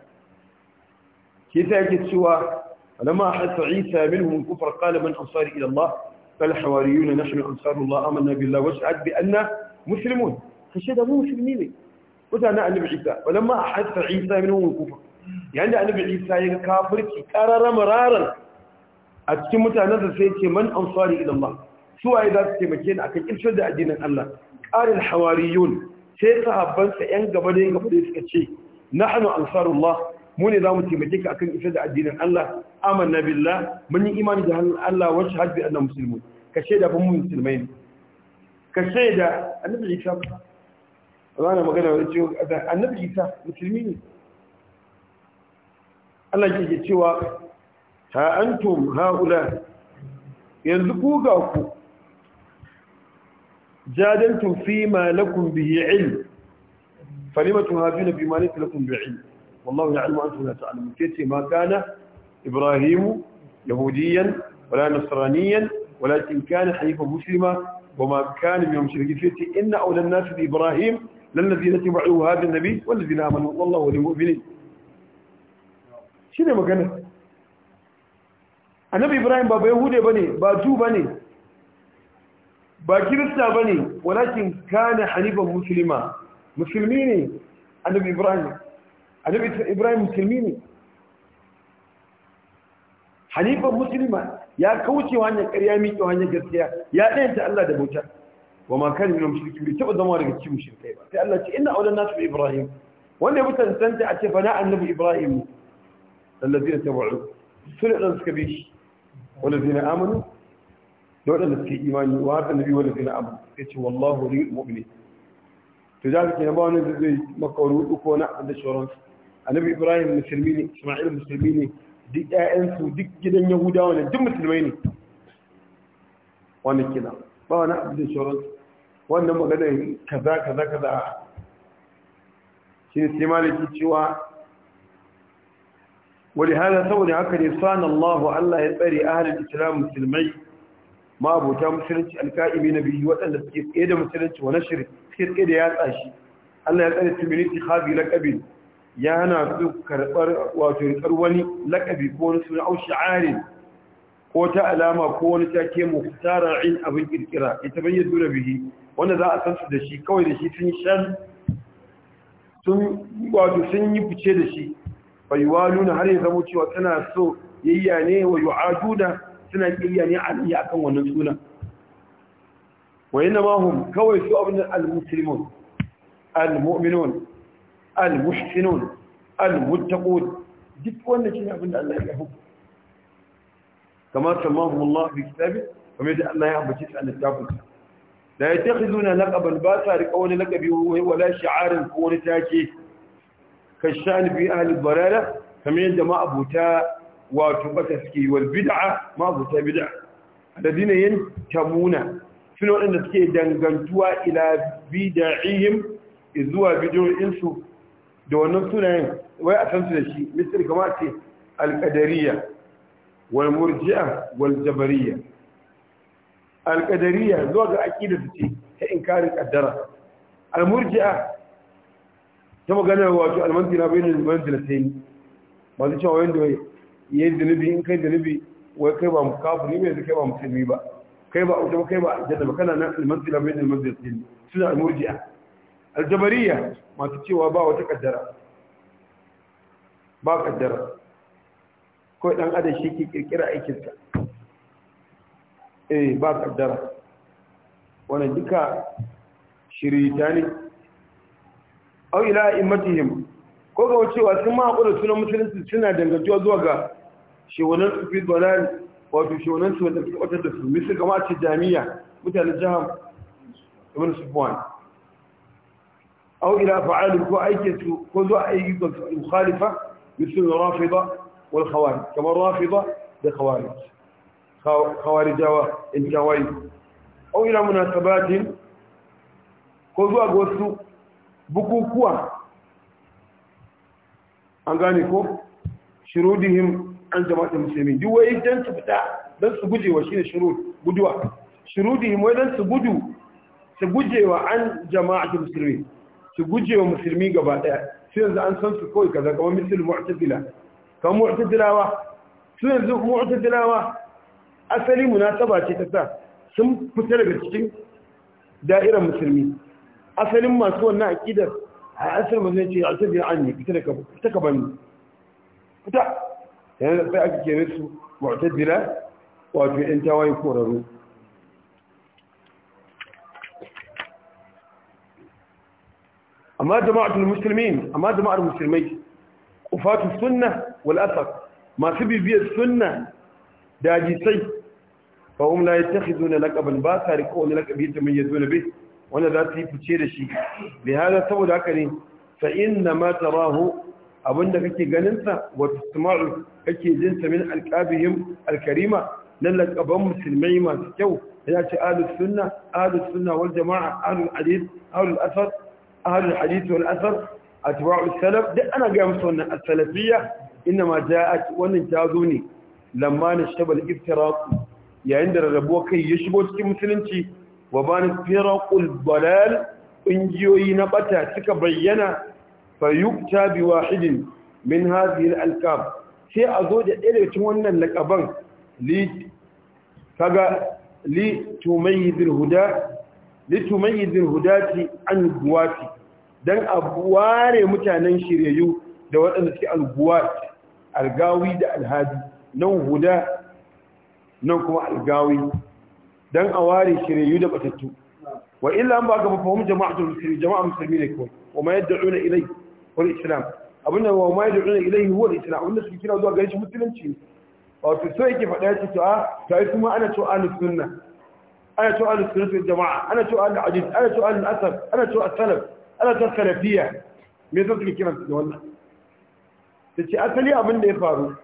ke sa yake cewa lamma hatta isa minhum kufar qala man ansari ila allah fal hawariyuna nahnu ansarullah amanna billahi washhad bi anna muslimun kashe da mu musulmi ne mutanen annabi isa walamma hatta isa minhum kufar yayin da annabi isa ya kafirci qararra mararan a cikin mutanen da sai ce man ansari idan ba su waye za su taimake ni akan kirshar da addinin Allah qarin hawariyun sai sahabban sa yan gaba da gaba da suka ce nahnu ansarullah mu ne zamu taimake ka akan kirshar da addinin Allah amanna billah mun yi imani da Allah wa shahadu bi anna muslimun ka shaida fa mu musulmai ne ka shaida annabi Isa ana magana da cewa annabi Isa musulmi ne Allah yake cewa ha antum haula yanzu ku ga ku jadaltum fi ma lakum bihi ilm falima tuhaduna bima laysa lakum bihi ilm wallahu ya'lamu antum la ta'lamun kace ma kana ibrahim yahudiyan wala nasraniyan ولكن كان حنيفا مسلما وما كان من المشركين إن أولى الناس بإبراهيم للذين اتبعوا هذا النبي والذين آمنوا والله ولي المؤمنين شنو مكانه annabi ibrahim ba yahude bane ba ba bane ba kirista bane walakin kana hanifan muslima musulmi ne annabi ibrahim annabi ibrahim musulmi ne hanifan muslima ya kauce wa hanyar ƙarya miƙe hanyar gaskiya ya ɗayanta Allah da bauta wa ma kan minum shirki bai taɓa zama daga cikin mushrikai ba sai Allah ce inna aulan nasu ibrahim wanda ya mutan santa a ce fa na annabi ibrahim allazi ya tabu'u sun da suka bi shi wanda zai na amini da waɗanda suke imani wa haka nabi wanda zai na amini ya ce wallahu ri mu'mini to za ka na ba wani zai maka wani rudu ko na abin da shoransu annabi ibrahim musulmi ne isma'il musulmi ne duk su duk gidan yahudawa ne duk musulmai ne wani kina ba wani abin da shoransu wannan maganar kaza kaza kaza shi ne sai malaki cewa ولهذا saboda haka ne sanallahu Allah ya tsare ahlul islam musulmai ma abota musulunci na nabi waɗanda suke tsaye da musulunci wa nashir suke tsaye da yatsa shi Allah ya tsare su min ittikhadi laqabin ya karbar wato rikar wani laqabi ko wani suna au shi'ari ko ta alama ko wani take muhtara'in abin kirkira ita bayyana da wanda za a san su da shi kawai da shi sun sun yi fice da shi fa yuwaluna har ya zamo cewa tana so yayya ne wa yu'aduna suna kiyayya ne alayya akan wannan suna. wa na mahum kawai su abin al-muslimun al-mu'minun al-muhsinun al-muttaqun duk wanda shine abin da Allah ya hukunta kamar samahu Allah bi kitabi kamar yadda Allah ya ambace shi a littafin da ya takhizuna laqaban ba sa riƙa wani laƙabi wala shi'arin ko wani take kashani bi ahli barara kamar yadda ma abuta wato bata suke wal bid'a ma abuta bid'a alladina yantamuna suna waɗanda suke dangantuwa ila bid'ihim zuwa bid'o'in su da wannan sunayen wai a san su da shi misali kamar ce al-qadariyya wal murji'a wal jabariya al-qadariyya zuwa ga aqidatu ce ta inkarin qaddara al-murji'a ta magana wato almanti na bayanin ba masu cewa wanda ya yi zunubi in kai zunubi wai kai ba ne mai kai ba musulmi ba kai ba kuma kai ba jadda kana nan almanti na bayanin na suna almurji'a aljabariya masu cewa ba wata kaddara ba kaddara kawai dan adam shi ke kirkira aikinsa eh ba kaddara wannan duka shirita ne aw ila imatihim ko ga cewa sun ma hakura sunan musulunci suna dangantuwa zuwa ga shewanan sufi dalal wato shewanan su wanda su kwatar da su misu kama ce jami'a mutane jihar ibn sufwan aw ila fa'alin ko aike su ko zuwa aiki ga khalifa misu rafida wal khawari kamar rafida da khawari jawa in jawai aw ila munasabatin ko zuwa ga wasu bukukuwa an gane ko shirudihim an jama'atul muslimin duk wai dan su fita dan su gujewa shine shirud guduwa shirudihim wai dan su gudu su gujewa an jama'atul muslimin su gujewa musulmi gaba daya sai yanzu an san su kawai kaza kamar misal mu'tazila kamar mu'tazilawa sai yanzu mu'tazilawa asali munasaba ce ta sa sun fita daga cikin da'irar musulmi asalin masu wannan akidar a asalin masu yace alta bi anni fita daga fita ka bani fita yana sai aka kere su mu'tazila wato yan tawaye korarru amma jama'atul muslimin amma jama'ar musulmai kufatu sunna wal athar masu bibiyar sunna da hadisai fa hum la yattakhiduna laqaban ba sa riko ne laqabi ta mai yazo ne wanda za su yi fice da shi bai hada saboda haka ne fa inna ma tarahu abinda kake ganin sa wa tasma'u kake jin sa min alqabihim alkarima na laqaban musulmai masu kyau ya ce ahlus sunna ahlus sunna wal jama'a ahlul hadith ahlul athar ahlul hadith wal athar salaf duk ana ga musu wannan as-salafiyya inma ja'at wannan tazo ne lamma na shabal yayin da rarrabuwa kai ya shigo cikin musulunci wa ban firaqul dalal kungiyoyi na bata suka bayyana fa yukta bi wahidin min hadhihi al sai a zo da ɗaya cikin wannan laqaban li kaga li tumayyiz al-huda li an guwati mutanen shiriyu da waɗanda suke al-guwat da alhaji nan huda nan kuma algawi dan a ware shiriyu da batattu wa illa an ba ga fahim jama'atul Musulmi, jama'a musulmi ne kawai wa ma yad'una ilayhi wal islam abinda wa ma yad'una ilayhi huwa al islam abinda suke kira zuwa gare shi musulunci wato so yake faɗa ce to a ah, to ai kuma ana cewa ahlus sunna ana cewa ahlus sunna jama'a ana cewa ahlul hadith ana cewa ahlul asar ana cewa as-salaf ana cewa salafiyya me yasa suke kira da wannan Ta ce asali abin da ya faru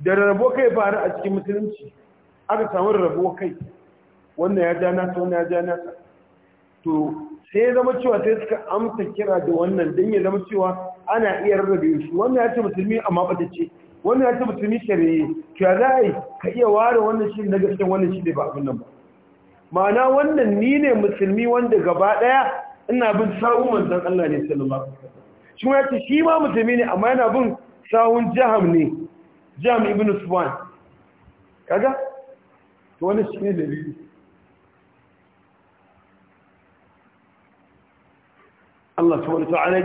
da rarrabo kai faru a cikin musulunci aka samu rarrabo kai wannan ya ja nasa wannan ya ja nasa to sai zama cewa sai suka amsa kira da wannan don ya zama cewa ana iya rarrabe shi wannan ya ce musulmi amma bata ce wannan ya ce musulmi shari'i to ya za a yi ka iya ware wannan shi na gaskiya wannan shi ne ba abin nan ba ma'ana wannan ni ne musulmi wanda gaba daya ina bin sahun manzon Allah ne sallallahu alaihi wasallam shi ma ce shi ma musulmi ne amma yana bin sahun jaham ne jaham ibn sufwan kaga to wannan shi ne dalili Allah subhanahu wata'ala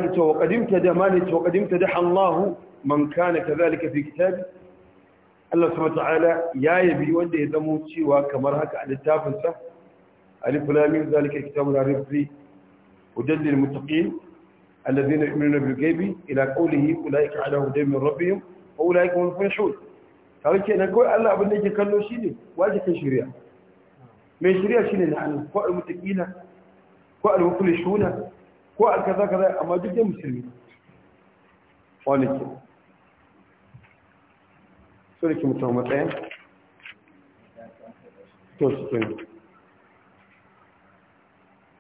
ya ce ya yabi wanda ya zamo cewa kamar haka a littafin sa Alif lam mim zalika kitabun arifri hudan lil muttaqin alladhina yu'minuna bil ila qawlihi ulaika ala hudan min rabbihim wa ulaika hum muflihun kawai ke nan kawai Allah abin da yake kallo shine wajibin shari'a mai shari'a shine na al-qawl ko al-muflihuna ko a kaza kaza amma duk musulmi wani ke so da ke mutum to su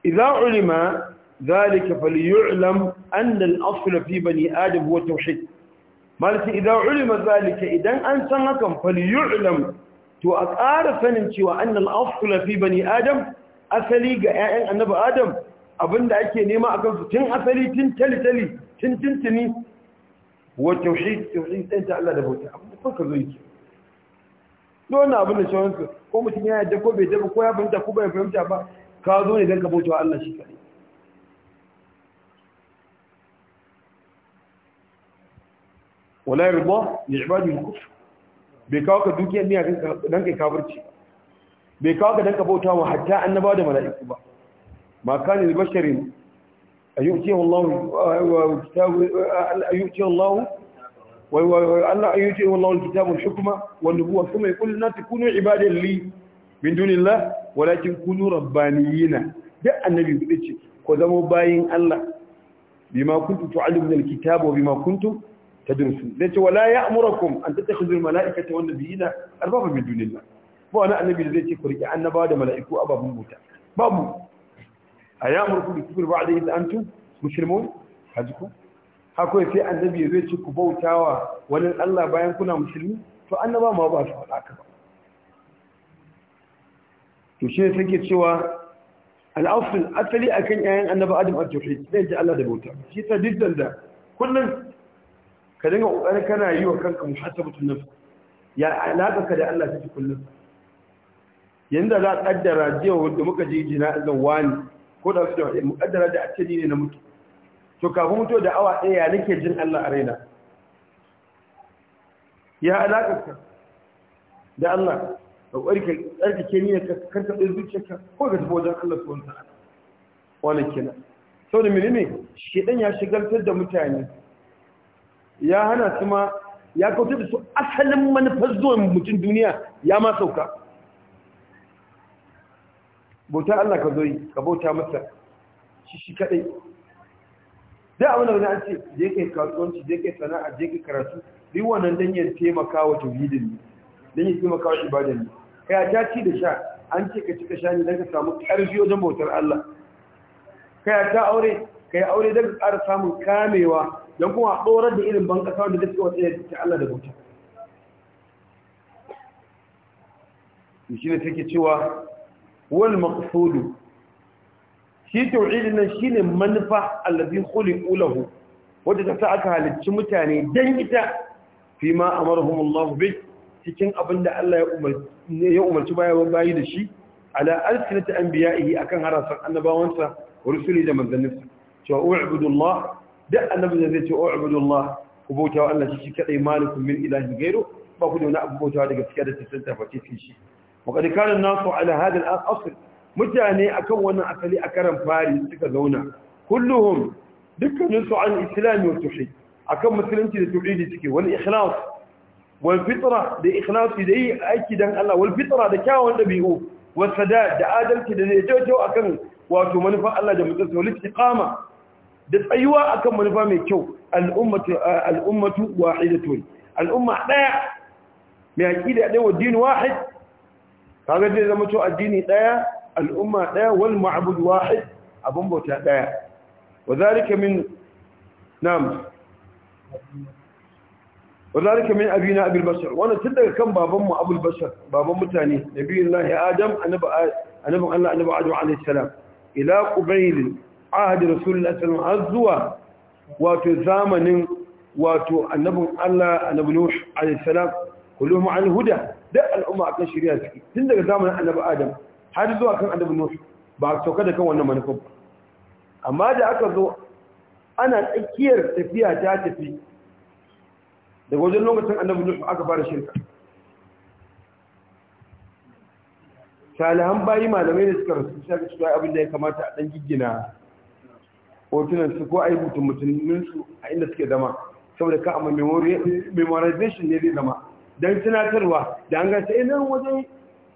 إذا علم ذلك فليعلم أن الأصل في بني آدم هو التوحيد مالك إذا علم ذلك إذا أنسى لكم فليعلم تؤكار سننتي وأن الأصل في بني آدم أسليق أن النبي آدم abinda ake nema a kansu tun asali tun talitali, tun tuntuni wa tauhid tauhid sai ta Allah da bauta abin da suka zo yake don abin da shawon su ko mutum ya yadda ko bai daba ko ya fahimta ko bai fahimta ba ka zo ne don ka bauta wa Allah shi kare wala rubo ya ibadi al-kufr bai kawo ka dukiyar niyya don kai kafirci bai kawo ka don ka bauta wa hatta annaba da mala'iku ba ما كان لبشر أن يؤتيه الله وكتاب أن يؤتيه الله وأن يؤتيه الله الكتاب والحكمة والنبوة ثم يقول للناس كونوا عبادا لي من دون الله ولكن كونوا ربانيين ده النبي يقول كذا باين الله بما كنتم تعلمون الكتاب وبما كنتم تدرسون ليس ولا يأمركم أن تتخذوا الملائكة والنبيين أربابا من دون الله فأنا النبي الذي يقول أن بعد ملائكة أبا بموتا بابو a ya ba da kifir yi idan antum muslimun hajiku hako sai annabi zai ci ku bautawa wani Allah bayan kuna musulmi to annaba ma ba su faɗa ka ba to shi ne ke cewa al'afin asali a kan ‘ya'yan annaba adam al-juhid zai ji Allah da bauta shi ta diddan da kullum ka dinga ƙoƙarin kana yi wa kanka muhasabatun nan ya alaƙa ka da Allah ta fi kullum yanda za a ƙaddara jiya wanda muka ji jina zan wani ko da suke wajen mukaddara da ake ne na mutu to kafin mutu da awa ɗaya nake jin Allah a raina ya ka da Allah ka ke ni ka zuciya ka ko ga tafi wajen Allah su wanta wani kina sau da shi ɗan ya shigartar da mutane ya hana su ma ya kautar da su asalin manufar zuwan mutum duniya ya ma sauka bauta Allah ka zo yi ka bauta masa shi shi kadai da abin da wani an ce je kai kasuwanci je yi sana'a je kai karatu duk wannan dan yin taimaka wa tauhidin ne dan yin taimaka wa ibadan ne kai ta ci da sha an ce ka ci ka sha ne dan ka samu karfi wajen bautar Allah kai ta aure kai aure dan ka ƙara samun kamewa dan kuma tsorar da irin ban kasa wanda take wata da Allah da bauta shi ne take cewa wal maqsudu shi tauhidin nan shine manufa allazi khuliqu lahu wanda ta sa aka halicci mutane dan ita fi ma amarahumullahu bi cikin abinda Allah ya umarci bayan bayi da shi ala alsinati anbiya'ihi akan harasan annabawansa wa rusuli da manzanninsa cewa u'budullah da annabi zai ce u'budullah ku bautawa Allah shi kadai malikum min ilahi ghairu ba ku da wani abu bautawa daga fiye da tantance shi وقد كان الناس على هذا الأصل متاني أكون وانا أكلي أكرم فاري تكذونا كلهم دكا ننسوا عن الإسلام والتوحيد أكون مسلمتي للتوحيد تكي والإخلاص والفطرة لإخلاص دي أكيد عن الله والفطرة دكاوان نبيه والسداد دعادل كده نجوجو أكون wato manufa Allah da mutsatsa wal istiqama da tsayuwa akan manufa mai kyau al'ummatu al'ummatu wahidatun al'umma daya mai aqida daya wa din wahid kaga zai zama to addini daya al'umma daya wal ma'bud wahid abun bauta daya wadhalika min nam wadhalika min abina abul bashar wannan tun daga kan babanmu abul bashar baban mutane nabiyullahi adam annabi Allah annabi adam alayhi salam ila qubayl ahd rasulullahi sallallahu alaihi wasallam wato zamanin wato annabin Allah annabi nuh alayhi salam kulluhum al huda duk al'umma akan shari'a suke tun daga zamanin annabi adam har zuwa kan annabi nuh ba sauka da kan wannan manufa ba amma da aka zo ana tsakiyar tafiya ta tafi daga wajen lokacin annabi nuh aka fara shirka salihan bayi malamai da suka rasu shi aka cewa abin da ya kamata a dan giggina hotunan su ko a yi mutum mutumin su a inda suke zama saboda ka amma memorization ne zai zama don tunatarwa da an gasa ina wajen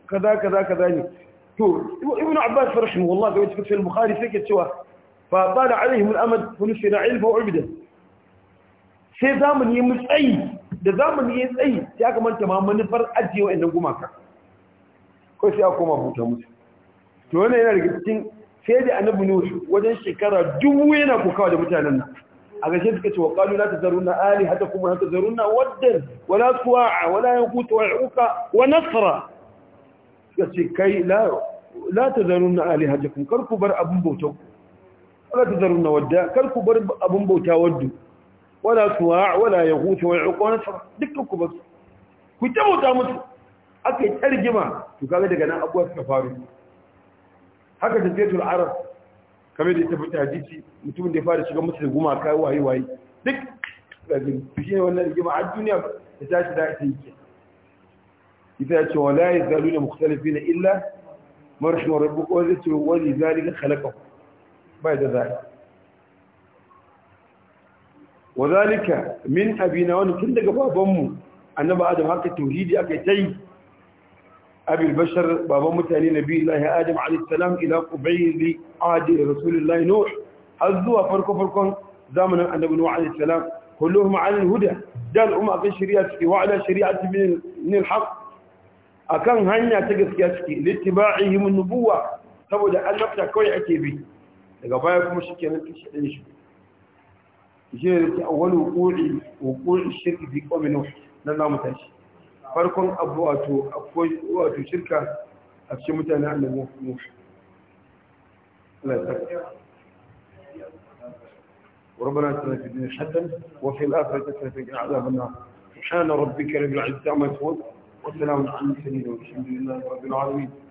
kaza kaza kaza ne to ibn abbas rahimahullah da wata cikin bukhari sai ke cewa fa qala alaihim al-amad fa nusira ilfa wa ubida sai zamani ya mutsayi da zamani ya tsayi ya kamanta ma manufar idan wa'annan gumaka ko sai a koma huta musu to wannan yana daga sai da annabi nuhu wajen shekara dubu yana kokawa da mutanen nan a gashe suka ce wa qalu la tazarunna alihatakum wa la tazarunna waddan wa la suwa'a wa la yaqutu wa uqa wa nasra suka ce kai la la tazarunna kuma, kar ku bar abun bauta wala tazarunna wadda kar ku bar abun bauta waddu wala suwa'a wala la yaqutu wa uqa wa nasra dukkan ku bar ku ta bauta mutu. akai tarjima to kaga daga nan abuwa suka faru haka tafiyatul arab kamar da ya tafi hadisi mutumin da ya fara shiga musu guma kai waye waye duk da shi wannan rigima a duniya ta tashi da ita yake ita ya ce wa la yazaluna mukhtalifina illa marhamu rabbuka wa zati wa li zalika khalaqahu bai da zai wa zalika min abina wani tun daga babanmu annabi adam haka tauhidi aka yi أبي البشر بابا متاني نبي الله آدم عليه السلام إلى قبيل عاد رسول الله نوح حذوا فرقوا فرقوا زمن النبي نوح عليه السلام كلهم على الهدى جال أم أكن شريعة وعلى شريعة من الحق أكان هنا تقف تقسكي لاتباعهم النبوة تبدأ أن نفتح كوي أكيبي لقبائكم شكرا تشعيش جيرت أول وقوع وقوع الشرك في قوم نوح لنا متاشي farkon abu wato shirka a cikin mutane a nan mufi ربنا اتنا في الدنيا حسنه وفي الاخره حسنه في عذاب النار سبحان ربك رب العزه عما يصفون وسلام على المرسلين والحمد لله رب العالمين